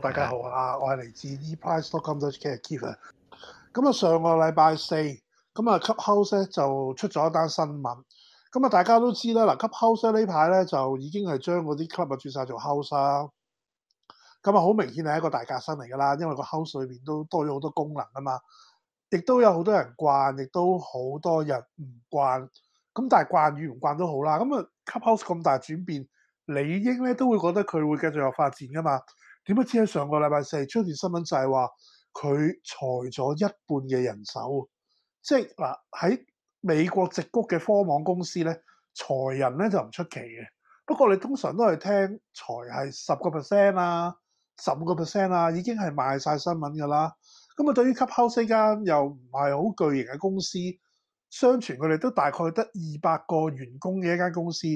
大家好啊！我係嚟自 eprice.com 嘅 Kevin 咁啊，上個禮拜四，咁啊 Clubhouse 咧就出咗一單新聞。咁啊，大家都知啦，嗱 Clubhouse 呢排咧就已經係將嗰啲 Club 啊轉晒做 House 啦。咁啊，好明顯係一個大革新嚟噶啦，因為個 House 裏邊都多咗好多功能啊嘛。亦都有好多人慣，亦都好多人唔慣。咁但係慣與唔慣都好啦。咁啊 Clubhouse 咁大轉變，理應咧都會覺得佢會繼續有發展噶嘛。點解知喺上個禮拜四出咗條新聞，就係話佢裁咗一半嘅人手。即係嗱，喺美國矽谷嘅科網公司咧，裁人咧就唔出奇嘅。不過你通常都係聽裁係十個 percent 啊，十五個 percent 啊已經係賣晒新聞㗎喇。咁啊，對於 Clubhouse 呢間又唔係好巨型嘅公司，相傳佢哋都大概得二百個員工嘅一間公司，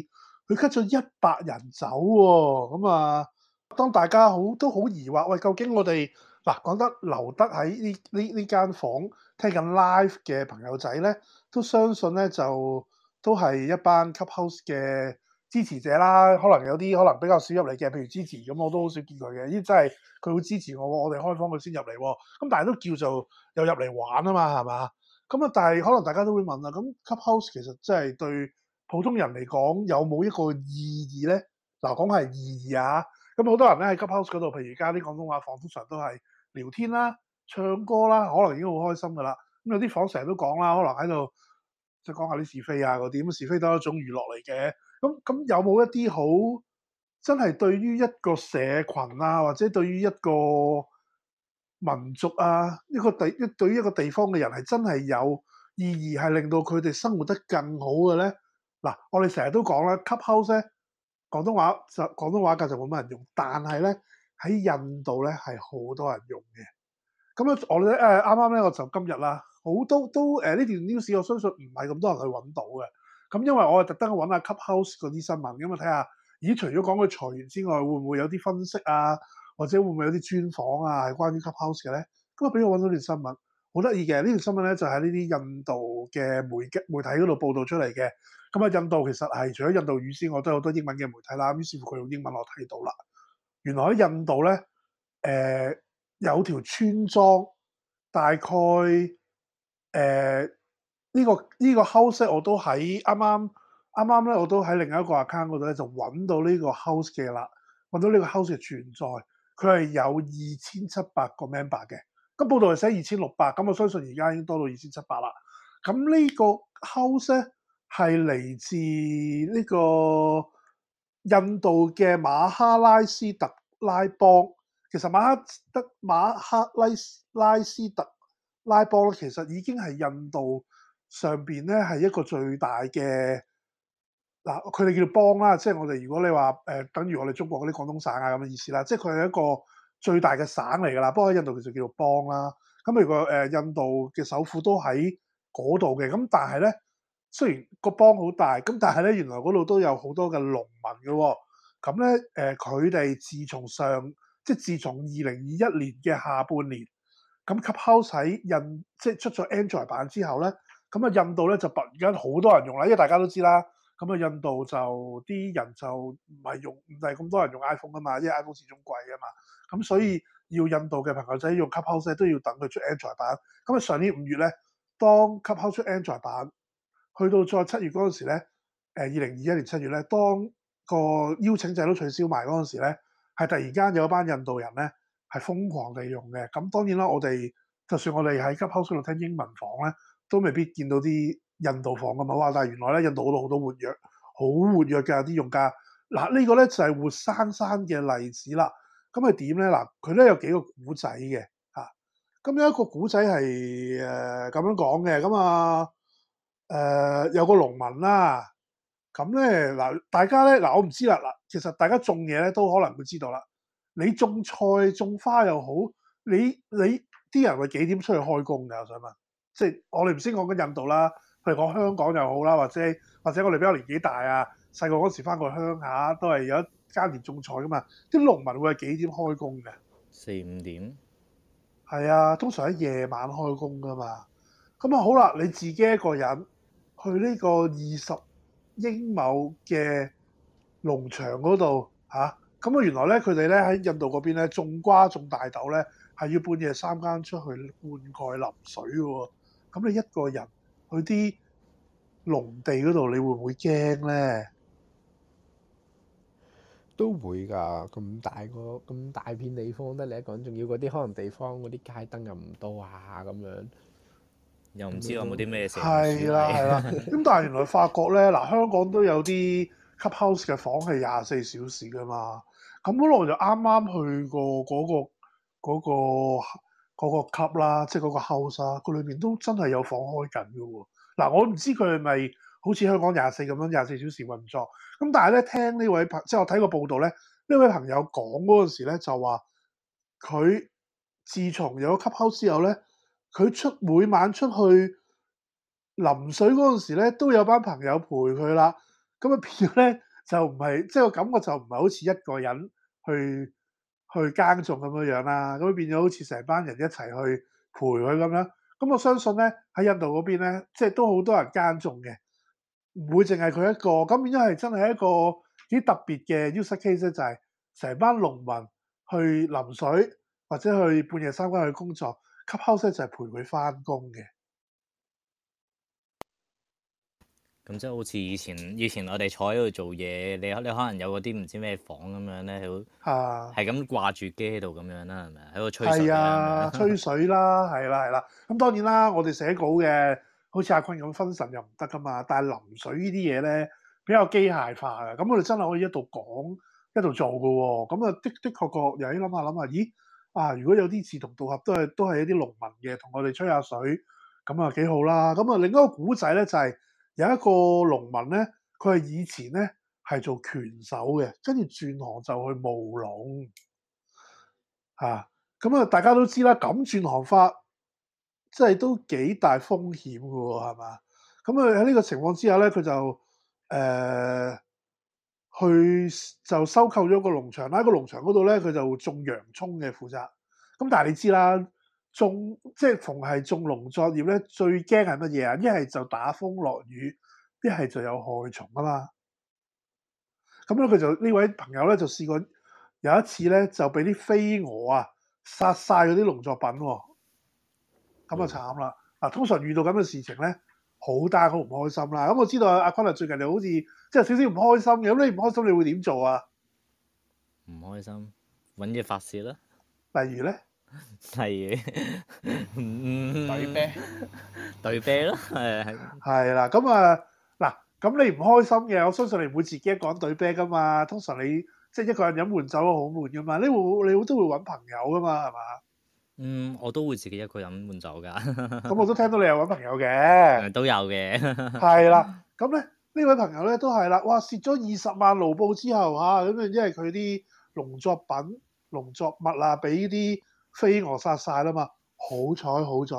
佢 cut 咗一百人走喎。咁啊～當大家好都好疑惑，喂，究竟我哋嗱講得留得喺呢呢呢間房間聽緊 Live 嘅朋友仔咧，都相信咧就都係一班 Clubhouse 嘅支持者啦。可能有啲可能比較少入嚟嘅，譬如支持咁，我都好少見佢嘅，亦真係佢好支持我，我哋開房佢先入嚟。咁但係都叫做有入嚟玩啊嘛，係嘛？咁啊，但係可能大家都會問啦，咁 Clubhouse 其實即係對普通人嚟講有冇一個意義咧？嗱，講係意義啊。咁好多人咧，喺 Clubhouse 嗰度，譬如而家啲廣東話房通常都係聊天啦、唱歌啦，可能已經好開心噶啦。咁有啲房成日都講啦，可能喺度即係講下啲是非啊嗰啲。咁是非都係一種娛樂嚟嘅。咁咁有冇一啲好真係對於一個社群啊，或者對於一個民族啊，一個地一對於一個地方嘅人係真係有意義，係令到佢哋生活得更好嘅咧？嗱，我哋成日都講啦，Clubhouse 咧。廣東話就廣東話，就冇乜人用。但係咧，喺印度咧係好多人用嘅。咁咧，我哋咧誒啱啱咧，我就今日啦，好多都誒呢、呃、段 news，我相信唔係咁多人去揾到嘅。咁因為我係特登去揾下 Clubhouse 嗰啲新聞，咁啊，睇下，咦？除咗講佢裁員之外，會唔會有啲分析啊？或者會唔會有啲專訪啊？係關於 Clubhouse 嘅咧？咁啊，俾我揾到段新聞。好得意嘅呢條新聞咧，就喺呢啲印度嘅媒媒體嗰度報導出嚟嘅。咁、嗯、啊，印度其實係除咗印度語之外，都有好多英文嘅媒體啦。於是乎佢用英文我睇到啦。原來喺印度咧，誒、呃、有條村莊，大概誒、呃這個這個、呢個呢個 house 我都喺啱啱啱啱咧，我都喺另一個 account 嗰度咧就揾到呢個 house 嘅啦，揾到呢個 house 嘅存在。佢係有二千七百個 member 嘅。咁報道係寫二千六百，咁我相信而家已經多到二千七百啦。咁呢個 house 咧係嚟自呢個印度嘅馬哈拉斯特拉邦。其實馬哈德馬哈拉斯拉斯特拉邦咧，其實已經係印度上邊咧係一個最大嘅嗱，佢哋叫做邦啦，即係我哋如果你話誒、呃，等於我哋中國嗰啲廣東省啊咁嘅意思啦，即係佢係一個最大嘅省嚟噶啦，不過印度其實就叫做邦啦。咁如果誒、呃、印度嘅首富都喺嗰度嘅，咁但係咧，雖然個邦好大，咁但係咧原來嗰度都有好多嘅農民嘅、哦。咁咧誒佢哋自從上即係自從二零二一年嘅下半年，咁 Clubhouse 喺印即係出咗 Android 版之後咧，咁啊印度咧就突然間好多人用啦，因為大家都知啦。咁啊，印度就啲人就唔係用唔係咁多人用 iPhone 啊嘛，因為 iPhone 始終貴啊嘛。咁所以要印度嘅朋友仔用 Clubhouse 都要等佢出 Android 版。咁啊，上年五月咧，當 Clubhouse 出 Android 版，去到再七月嗰陣時咧，誒二零二一年七月咧，當個邀請者都取消埋嗰陣時咧，係突然間有一班印度人咧係瘋狂地用嘅。咁當然啦，我哋就算我哋喺 Clubhouse 度聽英文房咧，都未必見到啲。印度房咁啊！哇！但係原來咧，印度好多好多活躍，好活躍嘅啲用家。嗱，這個、呢個咧就係、是、活生生嘅例子啦。咁係點咧？嗱，佢咧有幾個古仔嘅嚇。咁、啊、有一個古仔係誒咁樣講嘅，咁啊誒、呃、有個農民啦、啊。咁咧嗱，大家咧嗱，我唔知啦嗱。其實大家種嘢咧都可能會知道啦。你種菜種花又好，你你啲人會幾點出去開工㗎？我想問，即係我哋唔識講緊印度啦。譬如講香港又好啦，或者或者我哋比較年紀大啊，細個嗰時翻過鄉下都係有一間田種菜噶嘛，啲農民會係幾點開工嘅？四五點。係啊，通常喺夜晚開工噶嘛。咁、嗯、啊好啦，你自己一個人去呢個二十英畝嘅農場嗰度嚇。咁啊、嗯、原來咧佢哋咧喺印度嗰邊咧種瓜種大豆咧係要半夜三更出去灌溉淋水喎、哦。咁、嗯、你一個人？去啲農地嗰度，你會唔會驚咧？都會㗎，咁大個咁大片地方，得你一個人，仲要嗰啲可能地方嗰啲街燈又唔多啊，咁樣又唔知有冇啲咩事。係啦、嗯，係啦。咁 但係原來發覺咧，嗱香港都有啲 Clubhouse 嘅房係廿四小時㗎嘛。咁本來就啱啱去過嗰個嗰個。那個嗰個級啦、啊，即係嗰個 house 啊，佢裏邊都真係有房開緊嘅喎。嗱，我唔知佢係咪好似香港廿四咁樣廿四小時運作。咁但係咧，聽呢位朋，即係我睇個報道咧，呢位朋友講嗰陣時咧，就話佢自從有級 house 之後咧，佢出每晚出去淋水嗰陣時咧，都有班朋友陪佢啦。咁啊變咗咧，就唔係即係個感覺就唔係好似一個人去。去耕種咁樣樣啦，咁變咗好似成班人一齊去陪佢咁樣。咁我相信咧，喺印度嗰邊咧，即係都好多人耕種嘅，唔會淨係佢一個。咁變咗係真係一個幾特別嘅 unique case，就係成班農民去淋水或者去半夜三更去工作，犧牲休息就係陪佢返工嘅。咁即係好似以前，以前我哋坐喺度做嘢，你你可能有嗰啲唔知咩房咁樣咧，係咁、啊、掛住機喺度咁樣啦，係咪？喺度吹水係啊，樣吹水啦，係啦、 啊，係啦、啊。咁、啊、當然啦，我哋寫稿嘅，好似阿坤咁分神又唔得噶嘛。但係淋水呢啲嘢咧比較機械化嘅，咁我哋真係可以一度講一度做嘅、啊。咁啊的的確確又要諗下諗下，咦啊如果有啲志同道合都係都係一啲農民嘅，同我哋吹下水，咁啊幾好啦。咁啊另一個古仔咧就係、是。那個有一個農民咧，佢係以前咧係做拳手嘅，跟住轉行就去務農吓。咁啊、嗯，大家都知啦，咁轉行法即係都幾大風險嘅喎，係嘛？咁啊喺呢個情況之下咧，佢就誒、呃、去就收購咗個農場啦。喺個農場嗰度咧，佢就種洋葱嘅負責。咁、嗯、但係你知啦。種即係逢係種農作業咧，最驚係乜嘢啊？一係就打風落雨，一係就有害蟲啊嘛。咁咧，佢就呢位朋友咧，就試過有一次咧，就俾啲飛蛾啊殺晒嗰啲農作品。咁啊慘啦！嗱、嗯，通常遇到咁嘅事情咧，好大好唔開心啦。咁我知道阿阿坤啊，最近你好似即係少少唔開心嘅。咁你唔開心你會點做啊？唔開心，搵嘢發泄啦。例如咧？係嘅， 嗯、對啤 對啤咯，係係係啦，咁、嗯、啊嗱，咁你唔開心嘅，我相信你唔會自己一個人對啤噶嘛。通常你即係、就是、一個人飲悶酒啊，好悶噶嘛。你會你都會揾朋友噶嘛，係嘛？嗯，我都會自己一個人飲悶酒噶。咁 我都聽到你有揾朋友嘅、嗯，都有嘅。係 啦，咁、嗯、咧呢位朋友咧都係啦，哇！蝕咗二十萬盧布之後啊，咁因為佢啲農作品、農作物啊，俾啲。飛蛾殺晒啦嘛，好彩好彩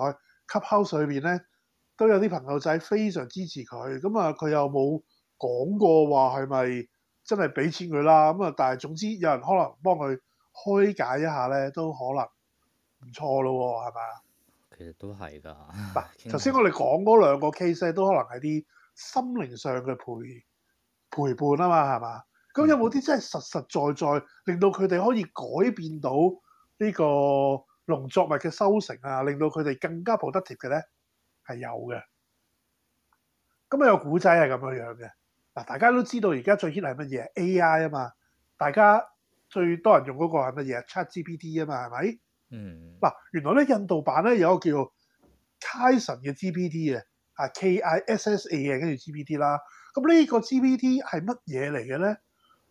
，Clubhouse 裏面呢都有啲朋友仔非常支持佢，咁啊佢又冇講過話係咪真係俾錢佢啦，咁啊但係總之有人可能幫佢開解一下呢，都可能唔錯咯、哦，係嘛？其實都係㗎。嗱、啊，頭先我哋講嗰兩個 case 天都可能係啲心靈上嘅陪陪伴啊嘛，係嘛？咁、嗯、有冇啲真係實實在在,在令到佢哋可以改變到？呢個農作物嘅收成啊，令到佢哋更加 productive 嘅咧，係有嘅。咁啊，有古仔係咁樣樣嘅。嗱，大家都知道而家最 hit 係乜嘢？AI 啊嘛，大家最多人用嗰個係乜嘢？ChatGPT 啊嘛，係咪？嗯。嗱，原來咧印度版咧有個叫 Kissan 嘅 GPT 嘅，啊 K-I-S-S-A 嘅，跟住 GPT 啦。咁呢個 GPT 係乜嘢嚟嘅咧？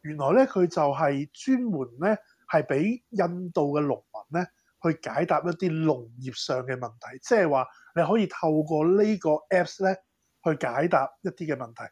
原來咧佢就係專門咧。係俾印度嘅農民咧去解答一啲農業上嘅問題，即係話你可以透過呢個 Apps 咧去解答一啲嘅問題。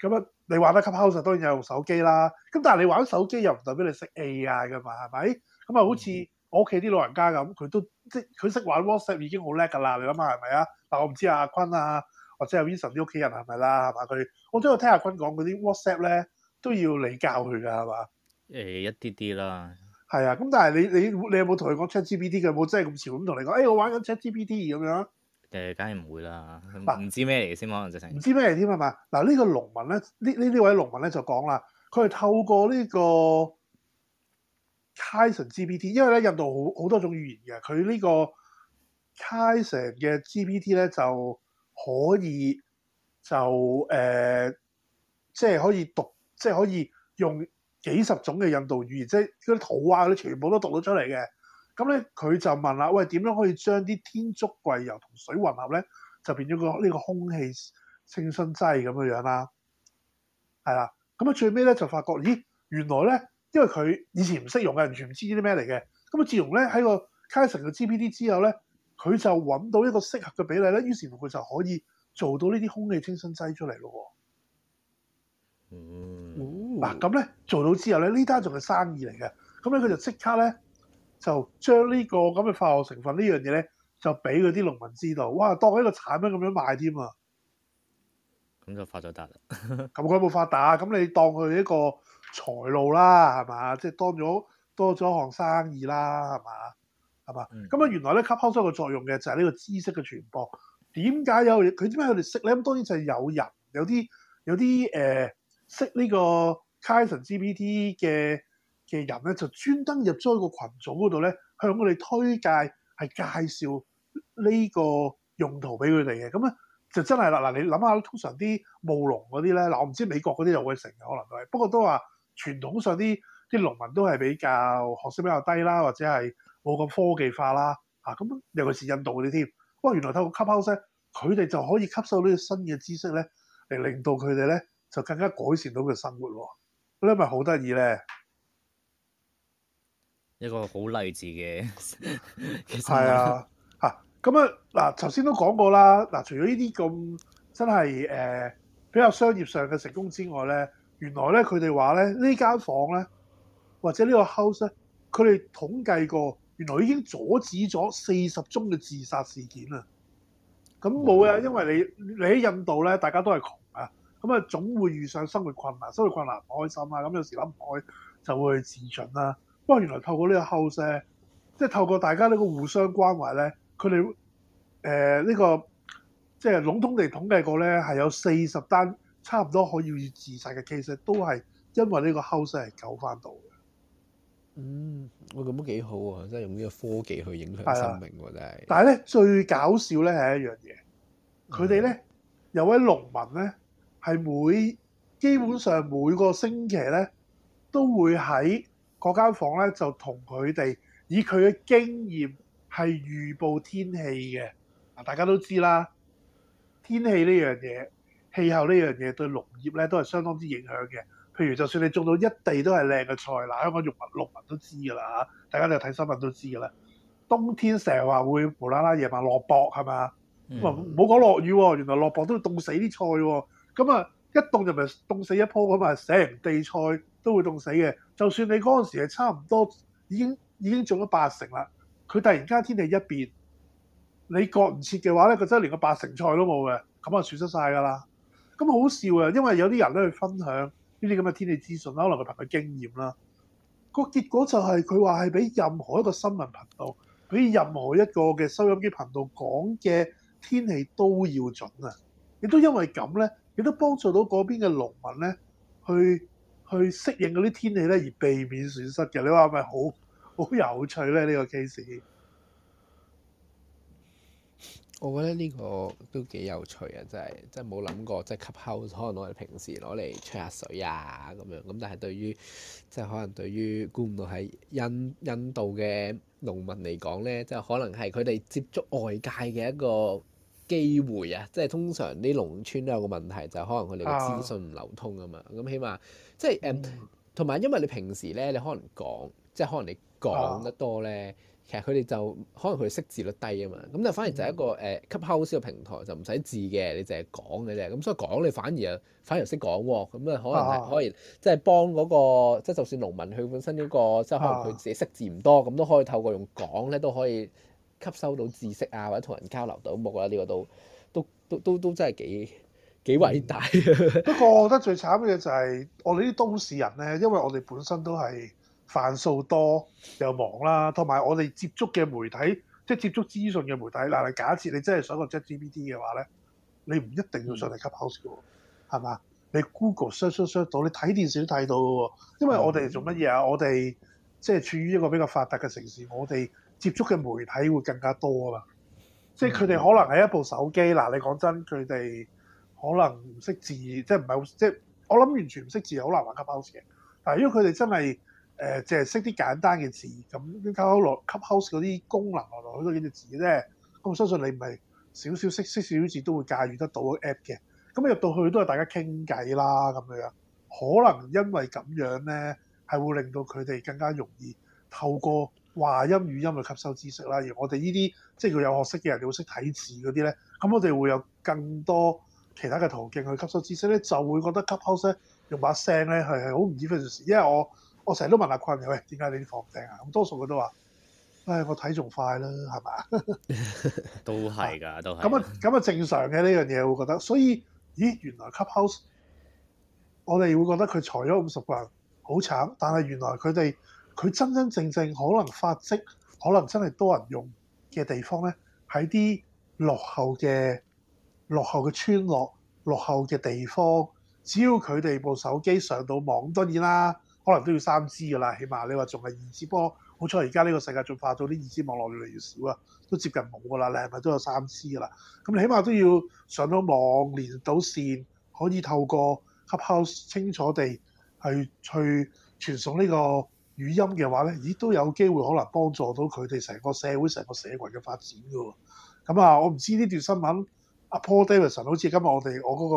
咁啊，你玩得 Clubhouse 當然有用手機啦。咁但係你玩手機又唔代表你識 AI 㗎嘛？係咪？咁啊，好似我屋企啲老人家咁，佢都即係佢識玩 WhatsApp 已經好叻㗎啦。你諗下係咪啊？嗱，我唔知阿坤啊，或者阿 Vincent 啲屋企人係咪啦？係嘛佢，我都有聽阿坤講嗰啲 WhatsApp 咧都要你教佢㗎係嘛？誒一啲啲啦。係啊，咁但係你你你有冇同佢講 ChatGPT 嘅？有冇真係咁潮，咁同你講，誒我玩緊 ChatGPT 咁樣。誒，梗係唔會啦。唔知咩嚟嘅先，可能唔知咩嚟添係嘛？嗱，呢個農民咧，呢呢呢位農民咧就講啦，佢係透過呢個 Chatson GPT，因為咧印度好好多種語言嘅，佢呢個 Chatson 嘅 GPT 咧就可以就誒，即係可以讀，即係可以用。幾十種嘅印度語言，即係啲土話，啲全部都讀到出嚟嘅。咁咧，佢就問啦：喂，點樣可以將啲天竺葵油同水混合咧，就變咗個呢、呢個空氣清新劑咁嘅樣啦？係啦。咁啊，最尾咧就發覺，咦，原來咧，因為佢以前唔識用嘅，完全唔知呢啲咩嚟嘅。咁啊，自從咧喺個 ChatGPT 之後咧，佢就揾到一個適合嘅比例咧，於是佢就可以做到呢啲空氣清新劑出嚟咯。嗯。嗱，咁咧做到之後咧，呢單仲係生意嚟嘅。咁咧佢就即刻咧就將呢、這個咁嘅化學成分呢樣嘢咧，就俾嗰啲農民知道。哇，當一個產品咁樣賣添啊！咁就 發咗達啦。咁佢有冇發達，咁你當佢一個財路啦，係嘛？即係當咗多咗項生意啦，係嘛？係嘛？咁啊，原來咧，科普都有個作用嘅，就係呢個知識嘅傳播。點解有佢點解佢哋識咧？咁當然就係有人有啲有啲誒、呃、識呢個。ChatGPT 嘅嘅人咧，就專登入咗一個羣組嗰度咧，向我哋推介係介紹呢個用途俾佢哋嘅。咁咧就真係啦，嗱你諗下，通常啲務農嗰啲咧，嗱我唔知美國嗰啲有冇成日可能係，不過都話傳統上啲啲農民都係比較學識比較低啦，或者係冇咁科技化啦。嚇、啊、咁尤其是印度嗰啲添，哇！原來透過 ChatGPT 佢哋就可以吸收呢啲新嘅知識咧，嚟令到佢哋咧就更加改善到佢生活喎。咧咪好得意咧，是是一個好勵志嘅， 其實係呢 啊吓，咁啊，嗱，頭先、啊、都講過啦，嗱、啊，除咗呢啲咁真係誒、呃、比較商業上嘅成功之外咧，原來咧佢哋話咧呢間房咧或者個呢個 house 咧，佢哋統計過，原來已經阻止咗四十宗嘅自殺事件啊！咁冇啊，哦、因為你你喺印度咧，大家都係窮。咁啊，總會遇上生活困難，生活困難唔開心啦。咁、嗯、有時諗唔開，就會自盡啦。不過原來透過呢個 Clubhouse，即係透過大家呢個互相關懷咧，佢哋誒呢個即係籠統地統計過咧，係有四十單差唔多可以要自殺嘅 case，都係因為呢個 Clubhouse 係救翻到嘅。嗯，我咁都幾好啊！真係用呢個科技去影響生命喎，啊、真係。但係咧，最搞笑咧係一樣嘢，佢哋咧有位農民咧。係每基本上每個星期咧，都會喺嗰間房呢就同佢哋以佢嘅經驗係預報天氣嘅。大家都知啦，天氣呢樣嘢、氣候呢樣嘢對農業呢都係相當之影響嘅。譬如就算你種到一地都係靚嘅菜，嗱香港農民、農民都知㗎啦，大家就睇新聞都知㗎啦。冬天成日話會無啦啦夜晚落雹係嘛？唔好講落雨、啊，原來落雹都會凍死啲菜喎、啊。咁啊，一凍就咪凍死一樖咁啊，成地菜都會凍死嘅。就算你嗰陣時係差唔多已經已經種咗八成啦，佢突然間天氣一變，你割唔切嘅話呢，佢真係連個八成菜都冇嘅，咁啊損失晒㗎啦。咁好笑啊，因為有啲人咧去分享呢啲咁嘅天氣資訊啦，可能佢憑佢經驗啦、啊，個結果就係佢話係比任何一個新聞頻道，比任何一個嘅收音機頻道講嘅天氣都要準啊。亦都因為咁呢。亦都幫助到嗰邊嘅農民咧，去去適應嗰啲天氣咧，而避免損失嘅。你話係咪好好有趣咧？呢個 case，我覺得呢個都幾有趣啊！真係真係冇諗過，即係 Clubhouse 可能我哋平時攞嚟吹下水啊咁樣。咁但係對於即係可能對於估唔到喺印印度嘅農民嚟講咧，即係可能係佢哋接觸外界嘅一個。機會啊，即係通常啲農村都有個問題，就係、可能佢哋嘅資訊唔流通啊嘛。咁、啊、起碼即係誒，同埋、嗯、因為你平時咧，你可能講，即係可能你講得多咧，啊、其實佢哋就可能佢識字率低啊嘛。咁但反而就一個誒吸收嘅平台就唔使字嘅，你淨係講嘅啫。咁所以講你反而又反而識講喎。咁、嗯、啊，可能、啊、可以即係幫嗰個，即係就算農民佢本身嗰、嗰個，即係、啊、可能佢自己識字唔多，咁都可以透過用講咧都可以。吸收到知識啊，或者同人交流到，目覺呢個都都都都真係幾幾偉大、啊嗯。 不過，我覺得最慘嘅就係我哋啲都市人咧，因為我哋本身都係繁瑣多又忙啦，同埋我哋接觸嘅媒體，即係接觸資訊嘅媒體。嗱、嗯，你假設你真係想用 j a t GPT 嘅話咧，你唔一定要上嚟吸口 o 喎，係嘛、嗯？你 Google search search 到，你睇電視都睇到。因為我哋做乜嘢啊？嗯、我哋即係處於一個比較發達嘅城市，我哋。接觸嘅媒體會更加多啦，即係佢哋可能係一部手機嗱，嗯、你講真佢哋可能唔識字，即係唔係好即係我諗完全唔識字好難玩 Clubhouse 嘅。但係如果佢哋真係誒，淨係識啲簡單嘅字，咁 Clubhouse 嗰啲功能落嚟好多幾隻字咧，咁我相信你唔係少少識識少少字都會駕馭得到個 App 嘅。咁入到去都係大家傾偈啦，咁樣樣可能因為咁樣咧，係會令到佢哋更加容易透過。話音語音去吸收知識啦，而我哋呢啲即係佢有學識嘅人，你佢識睇字嗰啲咧，咁我哋會有更多其他嘅途徑去吸收知識咧，就會覺得 cup house 呢用把聲咧係係好唔 official 嘅事，因為我我成日都問阿坤，喂點解你啲貨唔訂啊？咁多數佢都話，唉，我睇仲快啦，係咪、 啊？都係㗎，都係。咁啊咁啊，正常嘅呢樣嘢，會覺得，所以咦，原來 cup house 我哋會覺得佢裁咗五十個人，好慘，但係原來佢哋。佢真真正正可能發跡，可能真係多人用嘅地方呢，喺啲落後嘅落後嘅村落，落後嘅地方，只要佢哋部手機上到網，咁當然啦，可能都要三 G 噶啦。起碼你話仲係二 G 波，好彩而家呢個世界進化咗，啲二 G 網絡越嚟越少啊，都接近冇噶啦。你係咪都有三 G 噶啦？咁你起碼都要上到網，連到線，可以透過 Clubhouse 清楚地係去傳送呢個。語音嘅話咧，咦都有機會可能幫助到佢哋成個社會、成個社群嘅發展噶喎。咁啊，我唔知呢段新聞，阿 Paul Davidson 好似今日我哋我嗰、嗰個，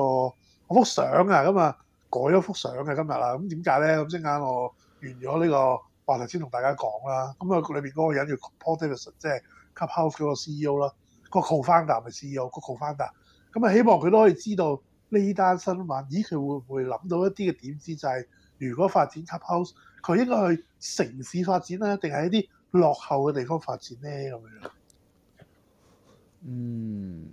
我個幅相啊咁啊改咗幅相嘅今日啊。咁點解咧？咁即刻我完咗呢、呢個話題先同大家講啦。咁啊，裏邊嗰個人叫 Paul Davidson，即係 Clubhouse 嗰個 CEO 啦、er, CE er，個 Co-founder 咪 CEO，個 Co-founder。咁啊，希望佢都可以知道呢單新聞。咦，佢會唔會諗到一啲嘅點子，就係、係、如果發展 Clubhouse？佢應該去城市發展咧，定係一啲落後嘅地方發展咧咁樣。嗯，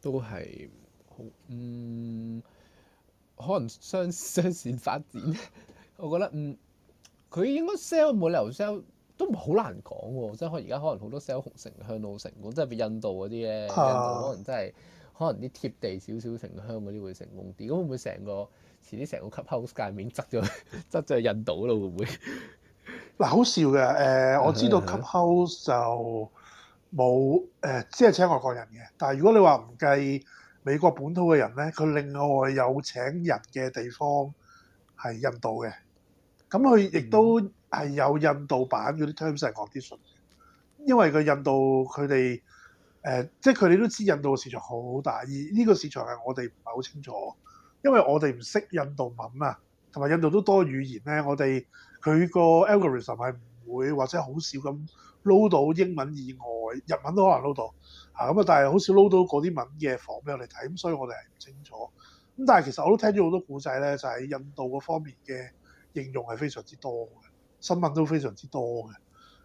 都係好，嗯，可能雙雙線發展。我覺得嗯，佢應該 sell 冇理由 sell 都唔好難講喎。即係可而家可能好多 sell 紅城鄉到城，即係譬如印度嗰啲咧，印度可能真係。啊可能啲貼地少少城鄉嗰啲會成功啲，咁會唔會成個遲啲成個 Clubhouse 界面執咗執咗去印度咯？會唔會？嗱好笑嘅，誒、呃、我知道 Clubhouse 就冇誒，即、呃、係請外國人嘅。但係如果你話唔計美國本土嘅人咧，佢另外有請人嘅地方係印度嘅。咁佢亦都係有印度版嗰啲 terms and conditions 因為佢印度佢哋。誒、呃，即係佢哋都知印度嘅市場好大，而呢個市場係我哋唔係好清楚，因為我哋唔識印度文啊，同埋印度都多語言呢。我哋佢個 algorithm 係唔會或者好少咁 load 到英文以外，日文都可能 load 到嚇，咁啊但係好少 load 到嗰啲文嘅房俾我哋睇，咁所以我哋係唔清楚。咁但係其實我都聽咗好多古仔呢，就係、是、印度嗰方面嘅應用係非常之多嘅，新聞都非常之多嘅。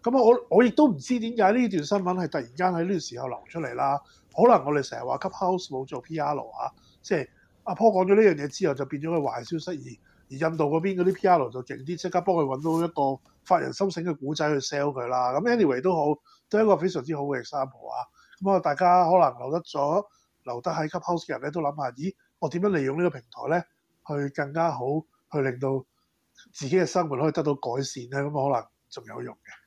咁啊，我我亦都唔知點解呢段新聞係突然間喺呢段時候流出嚟啦。可能我哋成日話 Clubhouse 冇做 P.R. 啊，即係阿 Paul 講咗呢樣嘢之後，就變咗個壞消息，而而印度嗰邊嗰啲 P.R. 就勁啲，即刻幫佢揾到一個發人深省嘅古仔去 sell 佢啦。咁 anyway 都好，都係一個非常之好嘅 example 啊。咁啊，大家可能留得咗留得喺 Clubhouse 嘅人咧，都諗下，咦，我點樣利用呢個平台呢去更加好去令到自己嘅生活可以得到改善呢？咁可能仲有用嘅。